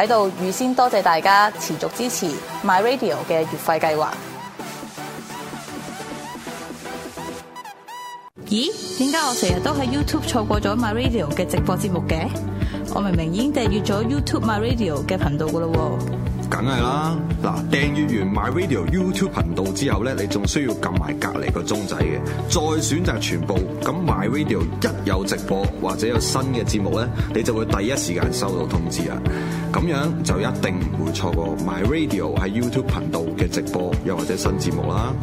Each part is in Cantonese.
喺度預先多謝大家持續支持 My Radio 嘅月費計劃。咦？點解我成日都喺 YouTube 錯過咗 My Radio 嘅直播節目嘅？我明明已經訂閲咗 YouTube My Radio 嘅頻道㗎喇喎。梗係啦，嗱，訂閱完 My Radio YouTube 頻道之後咧，你仲需要撳埋隔籬個鐘仔嘅，再選擇全部，咁 My Radio 一有直播或者有新嘅節目咧，你就會第一時間收到通知啦，咁樣就一定唔會錯過 My Radio 喺 YouTube 頻道嘅直播又或者新節目啦。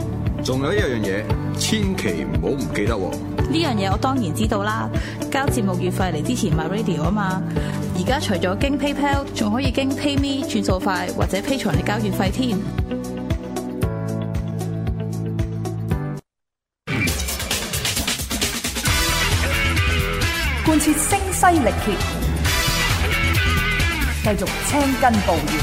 仲有一樣嘢，千祈唔好唔記得喎。呢樣嘢我當然知道啦，交節目月費嚟支持 My Radio 啊嘛。而家除咗經 PayPal，仲可以經 PayMe 轉數快，或者 Patreon 嚟交月費添。貫徹聲嘶力竭，繼續青筋暴現，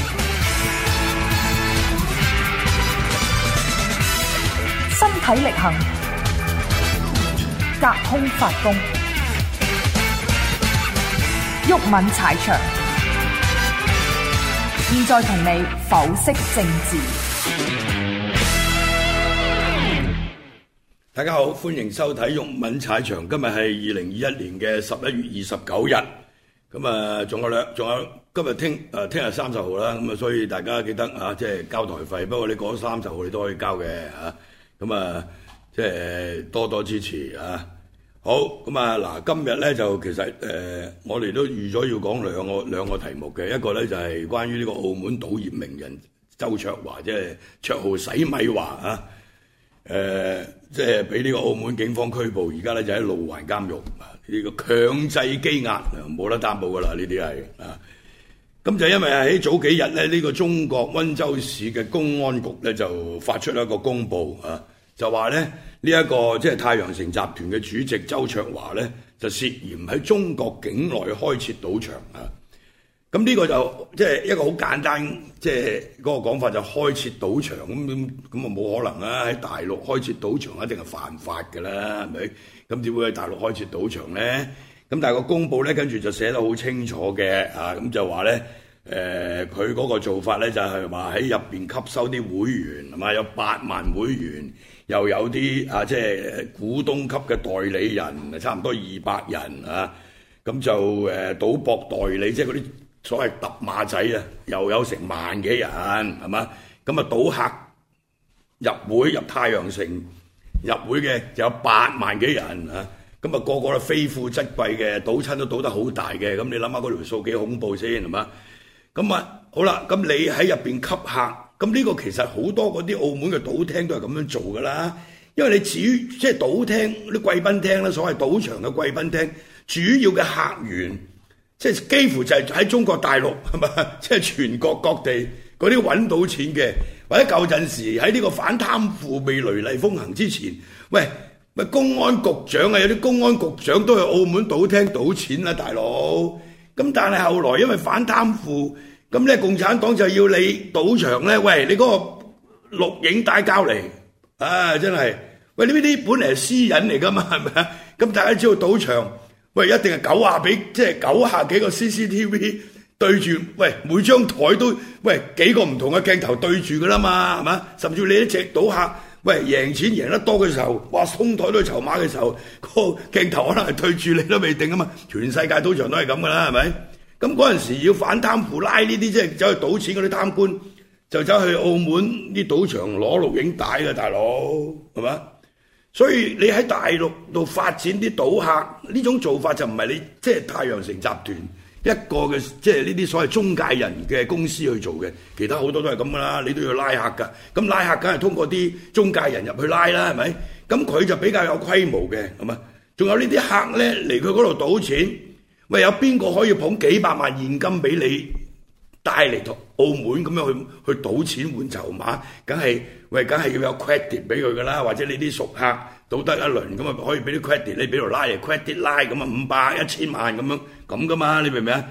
身體力行，隔空發功。毓民踩場，現在同你剖析政治。大家好，歡迎收睇毓民踩場。今日係二零二一年嘅十一月二十九日。咁啊，仲有咧，仲有今日聽誒，聽日三十號啦。咁啊，所以大家記得啊，即係交台費。不過你過咗三十號，你都可以交嘅吓。咁啊，即係多多支持啊！好咁啊！嗱，今日咧就其實誒、呃，我哋都預咗要講兩個兩個題目嘅，一個咧就係關於呢個澳門賭業名人周焯華，即係綽號洗米華啊，誒、呃，即係俾呢個澳門警方拘捕，而家咧就喺路環監獄呢、這個強制羈押，冇得擔保噶啦，呢啲係啊。咁就是、因為喺早幾日咧，呢、這個中國溫州市嘅公安局咧就發出一個公佈啊。就話呢，呢、這、一個即係太陽城集團嘅主席周焯華呢，就涉嫌喺中國境內開設賭場啊！咁呢個就即係、就是、一個好簡單，即係嗰個講法就開設賭場咁咁啊冇可能啊！喺大陸開設賭場一定係犯法㗎啦，係咪？咁點會喺大陸開設賭場呢？咁但係個公佈呢，跟住就寫得好清楚嘅啊！咁就話呢，誒、呃，佢嗰個做法呢，就係話喺入邊吸收啲會員，係咪有八萬會員？又有啲啊，即係股東級嘅代理人，差唔多二百人啊，咁就誒賭博代理，即係嗰啲所謂疊碼仔啊，又有成萬幾人，係嘛？咁啊賭客入會入太陽城入會嘅就有八萬幾人啊，咁、那、啊個個都非富則貴嘅，賭親都賭得好大嘅，咁你諗下嗰條數幾恐怖先係嘛？咁啊好啦，咁你喺入面吸客？咁呢個其實好多嗰啲澳門嘅賭廳都係咁樣做㗎啦，因為你至於即係賭廳啲貴賓廳啦，所謂賭場嘅貴賓廳，主要嘅客源即係幾乎就係喺中國大陸，係咪？即係全國各地嗰啲揾到錢嘅，或者舊陣時喺呢個反貪腐未雷厲風行之前，喂，咪公安局長啊，有啲公安局長都去澳門賭廳賭錢啦，大佬。咁但係後來因為反貪腐。咁咧，共產黨就要你賭場咧，喂，你嗰個錄影帶交嚟，啊，真係，喂，呢啲呢本嚟係私隱嚟噶嘛，係咪啊？咁大家知道賭場，喂，一定係九啊，俾即係九下幾個 CCTV 對住，喂，每張台都，喂，幾個唔同嘅鏡頭對住噶啦嘛，係咪啊？甚至你一隻賭客，喂，贏錢贏得多嘅時候，哇，空台都係籌碼嘅時候，個鏡頭可能係對住你都未定啊嘛，全世界賭場都係咁噶啦，係咪？咁嗰陣時要反貪腐，拉呢啲即係走去賭錢嗰啲貪官，就走去澳門啲賭場攞錄影帶㗎大佬，係嘛？所以你喺大陸度發展啲賭客，呢種做法就唔係你即係太陽城集團一個嘅，即係呢啲所謂中介人嘅公司去做嘅，其他好多都係咁噶啦，你都要拉客㗎。咁拉客梗係通過啲中介人入去拉啦，係咪？咁佢就比較有規模嘅，係嘛？仲有呢啲客咧嚟佢嗰度賭錢。喂，有邊個可以捧幾百萬現金俾你帶嚟同澳門咁樣去去賭錢換籌碼？梗係喂，梗係要有 credit 俾佢噶啦，或者你啲熟客賭得一輪咁啊，可以俾啲 credit 你俾度拉嘢 credit 拉咁啊，五百一千萬咁樣咁噶嘛？你明唔明啊？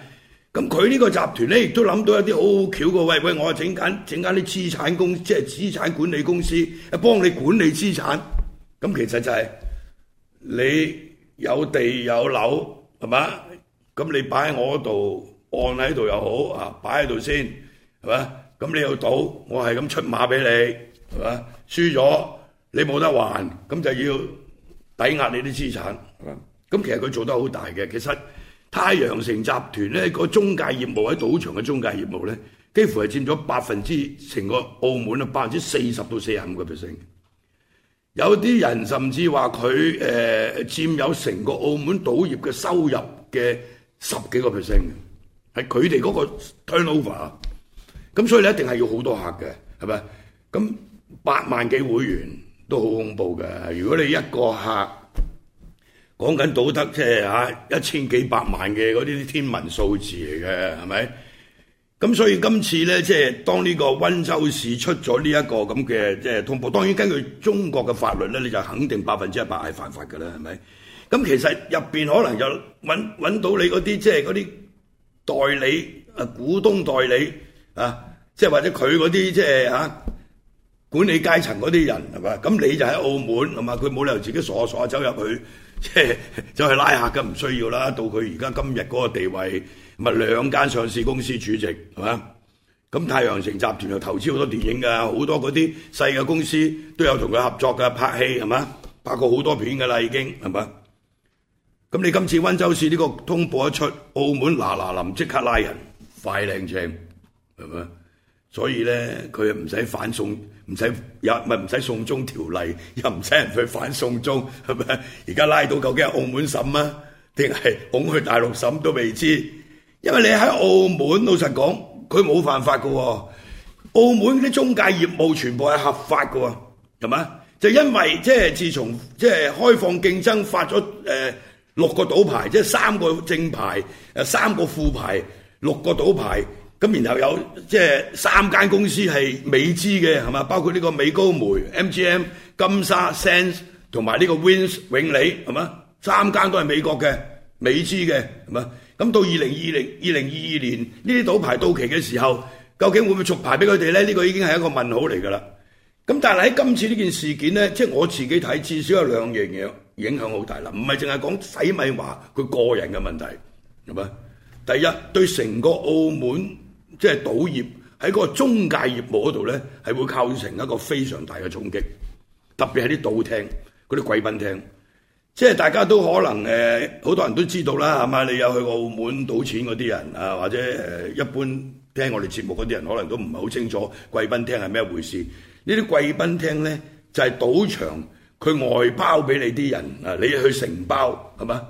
咁佢呢個集團咧亦都諗到一啲好好巧嘅，喂喂，我整緊整緊啲資產公司，即係資產管理公司，幫你管理資產。咁其實就係、是、你有地有樓係嘛？是吧。咁你擺喺我度，按喺度又好啊，擺喺度先，係嘛？咁你又賭，我係咁出馬俾你，係嘛？輸咗你冇得還，咁就要抵押你啲資產。咁吧其實佢做得好大嘅，其實太陽城集團咧個中介業務喺賭場嘅中介業務咧，幾乎係佔咗百分之成個澳門啊，百分之四十到四十五個 percent。有啲人甚至話佢誒佔有成個澳門賭業嘅收入嘅。十幾個 percent 嘅，係佢哋嗰個 turnover，咁所以你一定係要好多客嘅，係咪？咁八萬幾會員都好恐怖嘅。如果你一個客講緊賭得、就是，即係嚇一千幾百萬嘅嗰啲天文數字嚟嘅，係咪？咁所以今次咧，即係當呢個溫州市出咗呢一個咁嘅即係通報，當然根據中國嘅法律咧，你就肯定百分之一百係犯法㗎啦，係咪？咁其實入邊可能就揾揾到你嗰啲即係嗰啲代理啊，股東代理啊，即係或者佢嗰啲即係啊管理階層嗰啲人係嘛？咁你就喺澳門係嘛？佢冇理由自己傻傻走入去，即係走去拉客㗎，唔需要啦。到佢而家今日嗰個地位，咪兩間上市公司主席係嘛？咁太陽城集團又投資好多電影㗎，好多嗰啲細嘅公司都有同佢合作㗎，拍戲係嘛？拍過好多片㗎啦已經係嘛？咁你今次溫州市呢個通報一出，澳門嗱嗱臨即刻拉人，快靚正係咪？所以咧，佢又唔使反送，唔使又唔係唔使送中條例，又唔使人去反送中，係咪？而家拉到究竟係澳門審啊，定係拱去大陸審都未知。因為你喺澳門，老實講，佢冇犯法噶喎，哦。澳門啲中介業務全部係合法噶喎，係咪？就因為即係自從即係開放競爭發，發咗誒。六個賭牌，即係三個正牌，誒，三個副牌，六個賭牌，咁然後有即係三間公司係美資嘅，係嘛？包括呢個美高梅 MGM、金沙 Sands 同埋呢個 Wins 永利，係嘛？三間都係美國嘅美資嘅，係嘛？咁到二零二零二零二二年呢啲賭牌到期嘅時候，究竟會唔會續牌俾佢哋咧？呢個已經係一個問號嚟噶啦。咁但係喺今次呢件事件咧，即係我自己睇，至少有兩樣嘢。影響好大啦，唔係淨係講洗米華佢個人嘅問題，係咪？第一對成個澳門即係、就是、賭業喺嗰個中介業務嗰度呢，係會構成一個非常大嘅衝擊。特別係啲賭廳啲貴賓廳，即係大家都可能誒，好多人都知道啦，係咪？你有去澳門賭錢嗰啲人啊，或者誒一般聽我哋節目嗰啲人，可能都唔係好清楚貴賓廳係咩回事。呢啲貴賓廳呢，就係賭場。佢外包俾你啲人啊，你去承包係嘛？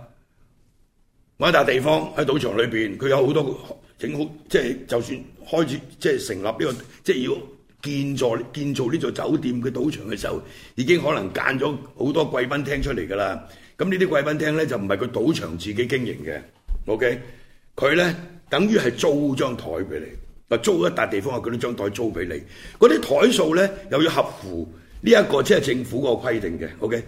揾一笪地方喺賭場裏面，佢有好多整好，即係就算開始即係成立呢個，即係要建造建造呢座酒店嘅賭場嘅時候，已經可能揀咗好多貴賓廳出嚟㗎啦。咁呢啲貴賓廳咧就唔係佢賭場自己經營嘅，OK？佢咧等於係租張台俾你，租一笪地方，佢啲張台租俾你。嗰啲台數咧又要合符。呢一個即係政府個規定嘅，OK。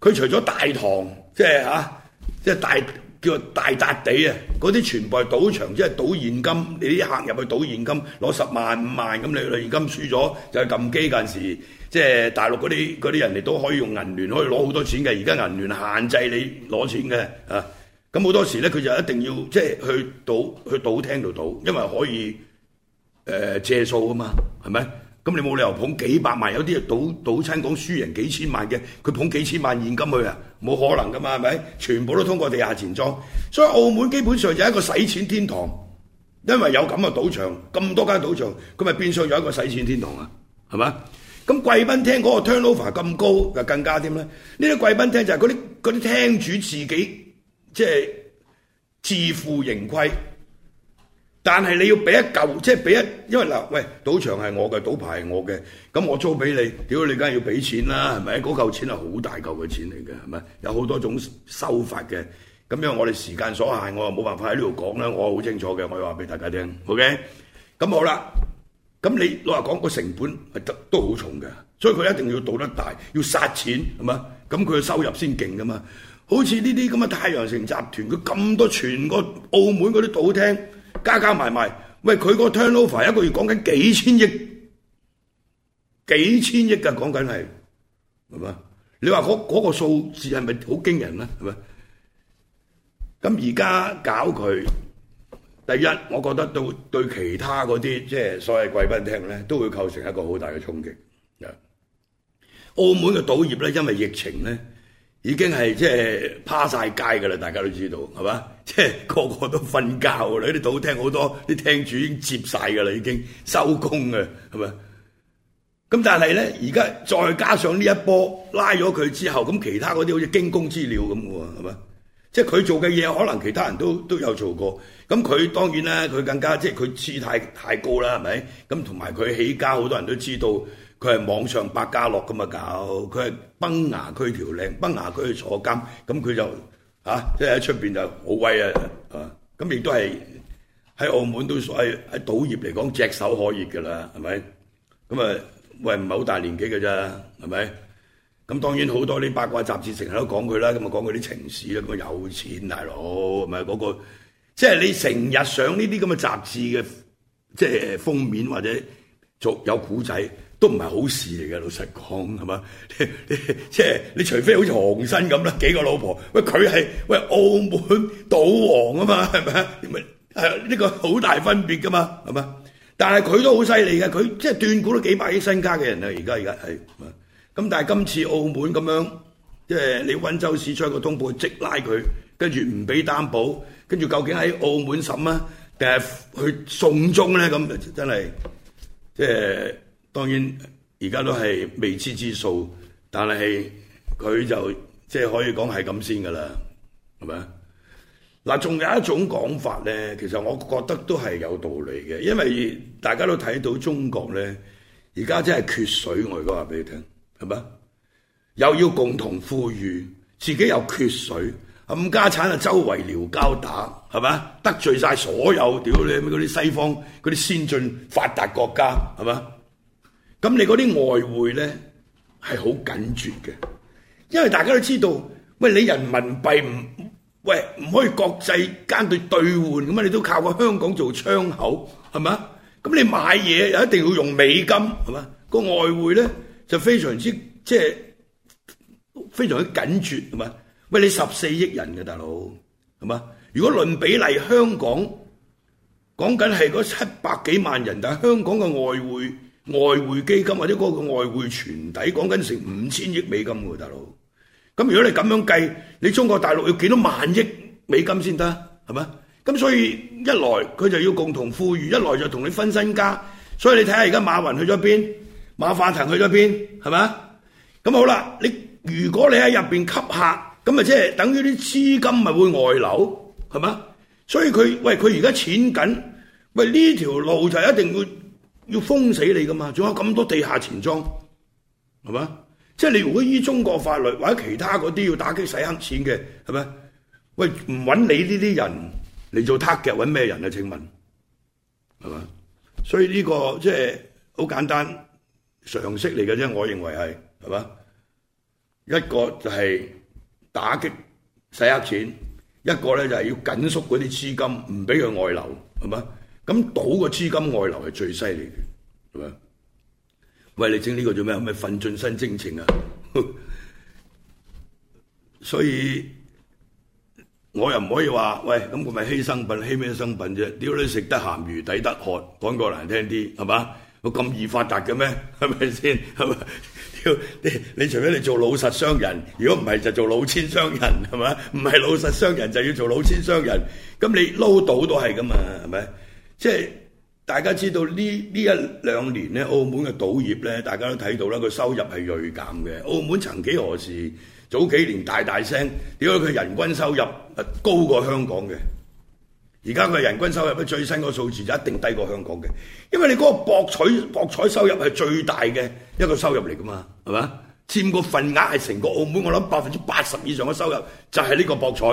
佢除咗大堂，即係嚇，即係大叫大笪地啊！嗰啲全部係賭場，即係賭現金。你啲客入去賭現金，攞十萬五萬咁，你現金輸咗就撳機嗰陣時，即係大陸嗰啲啲人哋都可以用銀聯，可以攞好多錢嘅。而家銀聯限制你攞錢嘅啊，咁好多時咧，佢就一定要即係去賭去賭廳度賭，因為可以誒借數啊嘛，係咪？咁你冇理由捧幾百萬，有啲啊賭賭親講輸贏幾千萬嘅，佢捧幾千萬現金去啊，冇可能噶嘛，係咪？全部都通過地下錢莊，所以澳門基本上就係一個洗錢天堂，因為有咁嘅賭場，咁多間賭場，佢咪變相有一個洗錢天堂啊，係嘛？咁貴賓廳嗰個 turnover 咁高，就更加添啦。呢啲貴賓廳就係嗰啲嗰啲廳主自己即係、就是、自負盈虧。但係你要俾一嚿，即係俾一，因為嗱，喂，賭場係我嘅，賭牌係我嘅，咁我租俾你，屌你梗係要俾錢啦，係咪？嗰嚿錢係好大嚿嘅錢嚟嘅，係咪？有好多種收法嘅，咁因為我哋時間所限，我又冇辦法喺呢度講啦。我好清楚嘅，我要話俾大家聽，OK？咁好啦，咁你老實講，個成本係得都好重嘅，所以佢一定要賭得大，要殺錢，係咪？咁佢嘅收入先勁噶嘛。好似呢啲咁嘅太陽城集團，佢咁多全個澳門嗰啲賭廳。加加埋埋，喂，佢個 turnover 一個月講緊幾千億，幾千億噶，講緊係係嘛？你話嗰嗰個數字係咪好驚人咧？係咪？咁而家搞佢，第一，我覺得對對其他嗰啲即係所謂貴賓廳咧，都會構成一個好大嘅衝擊。啊，澳門嘅賭業咧，因為疫情咧，已經係即係趴晒街噶啦，大家都知道，係嘛？即係個個都瞓覺你啲賭廳好多啲廳主已經接晒㗎啦，已經收工啊，係咪？咁但係咧，而家再加上呢一波拉咗佢之後，咁其他嗰啲好似驚弓之鳥咁喎，係咪？即係佢做嘅嘢可能其他人都都有做過，咁佢當然啦，佢更加即係佢姿態太，太高啦，係咪？咁同埋佢起家好多人都知道，佢係網上百家樂咁嘅搞，佢係崩牙區條靚，崩牙區坐監，咁佢就。嚇、啊！即係喺出面就好威啊！咁、啊、亦、啊啊啊、都係喺澳門都所謂喺喺賭業嚟講炙手可熱㗎啦，係咪？咁啊喂，唔係好大年紀㗎咋，係咪？咁當然好多啲八卦雜誌成日都講佢啦，咁啊講佢啲情史啦，咁啊有錢大佬係咪？嗰、那個，即、就、係、是、你成日上呢啲咁嘅雜誌嘅即、就是、封面或者做有古仔。都唔係好事嚟嘅，老實講係嘛？即係你，你、就是、你除非好似黃生咁啦，幾個老婆喂，佢係喂澳門賭王啊嘛，係咪啊？呢、呢個好大分別噶嘛，係嘛？但係佢都好犀利嘅，佢即係斷估都幾百億身家嘅人啊！而家而家係咁，但係今次澳門咁樣，即係你溫州市出個通報即拉佢，跟住唔俾擔保，跟住究竟喺澳門審啊，定係去送中咧？咁真係即係。當然而家都係未知之數，但係佢就即係可以講係咁先噶啦，係咪？嗱，仲有一種講法咧，其實我覺得都係有道理嘅，因為大家都睇到中國咧，而家真係缺水，我而家話俾你聽，係咪？又要共同富裕，自己又缺水，冚家產啊，周圍撩交打，係咪？得罪晒所有屌你咪嗰啲西方嗰啲先進發達國家，係咪？咁你嗰啲外匯咧，係好緊絕緊缺嘅，因為大家都知道，喂你人民幣唔，喂唔可以國際間對兌換咁啊，你都靠個香港做窗口，係咪？咁你買嘢又一定要用美金係嘛？個外匯咧就非常之，即係非常之緊缺，係嘛？喂你十四億人嘅大佬，係嘛？如果論比例，香港講緊係嗰七百幾萬人，但係香港嘅外匯。外匯基金或者嗰個外匯存底講緊成五千億美金喎，大佬。咁如果你咁樣計，你中國大陸要幾多萬億美金先得，係咪？咁所以一來佢就要共同富裕，一來就同你分身家。所以你睇下而家馬雲去咗邊，馬化騰去咗邊，係咪？咁好啦，你如果你喺入邊吸客，咁咪即係等於啲資金咪會外流，係咪？所以佢喂佢而家錢緊，喂呢條路就一定會。要封死你噶嘛？仲有咁多地下錢莊，係嘛？即係你如果依中國法律或者其他嗰啲要打擊洗黑錢嘅，係咪？喂，唔揾你呢啲人嚟做 target 嘅，揾咩人啊？請問，係嘛？所以呢個即係好簡單常識嚟嘅啫，我認為係，係嘛？一個就係打擊洗黑錢，一個咧就係要緊縮嗰啲資金，唔俾佢外流，係嘛？咁賭個資金外流係最犀利嘅，係咪？喂，你整呢個做咩？有咩奮進新征程啊！ 所以我又唔可以話喂，咁佢咪犧牲品？犧咩生品啫？屌你食得鹹魚抵得渴，講個難聽啲係嘛？我咁易發達嘅咩？係咪先？係咪？屌，你你除非你做老實商人，如果唔係就做老千商人，係嘛？唔係老實商人就要做老千商人，咁你撈到都係咁嘛？係咪？即係大家知道呢呢一兩年呢，澳門嘅賭業呢，大家都睇到啦，個收入係銳減嘅。澳門曾幾何時早幾年大大聲，點解佢人均收入係高過香港嘅？而家佢人均收入最新嗰個數字就一定低過香港嘅，因為你嗰個博取博彩收入係最大嘅一個收入嚟㗎嘛，係咪？佔個份額係成個澳門，我諗百分之八十以上嘅收入就係呢個博彩。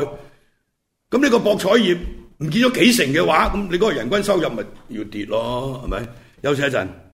咁呢個博彩業。唔見咗幾成嘅話，咁你嗰個人均收入咪要跌囉，係咪？休息一陣。